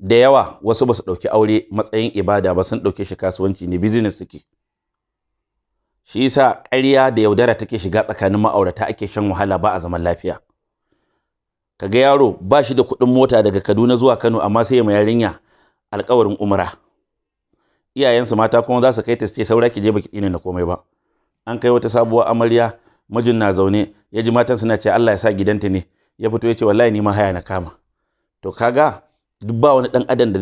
da yawa wasu ba su ɗauki aure matsayin ibada ba sun ɗauke shi kasuwanci ne business suke shi yasa ƙarya da yaudara take shiga tsakanin ma'aurata ake shan wahala ba a zaman lafiya kaga yaro ba shi da kuɗin mota daga Kaduna zuwa Kano amma sai ya ma yarinya alƙawarin umra iyayensu mata kuma za su kai ta ce saura ki je baki tsine na komai ba an kai wata sabuwar amarya mijin na zaune ya ji matan suna ce Allah ya sa gidanta ne ya fito ya ce wallahi ni ma haya na kama to kaga duk ba wani dan adam da